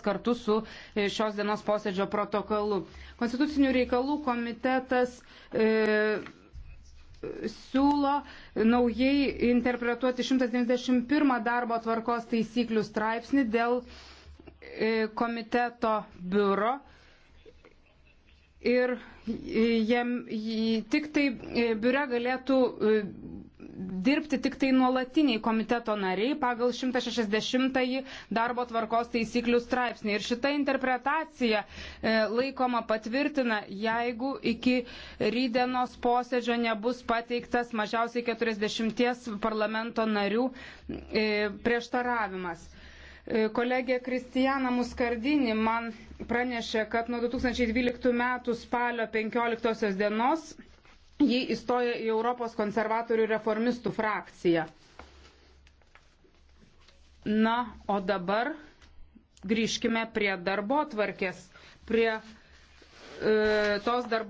kartu su e, šios dienos posėdžio protokolu. Konstitucinių reikalų komitetas e, siūlo naujai interpretuoti 191 darbo tvarkos taisyklių straipsnį dėl e, komiteto biuro. Ir e, jiem, jie, tik tai e, biure galėtų dirbti tik tai nuolatiniai komiteto nariai pagal 160 darbo tvarkos taisyklių straipsnį. Ir šita interpretacija e, laikoma patvirtina, jeigu iki rydienos posėdžio nebus pateiktas mažiausiai 40 parlamento narių e, prieštaravimas. E, kolegė Kristijana Muskardinė man pranešė, kad nuo 2012 m. spalio 15 dienos ji įstojo į Europos konservatorių reformistų frakciją. Na, o dabar grįžkime prie darbo tvarkės, prie e, tos darbo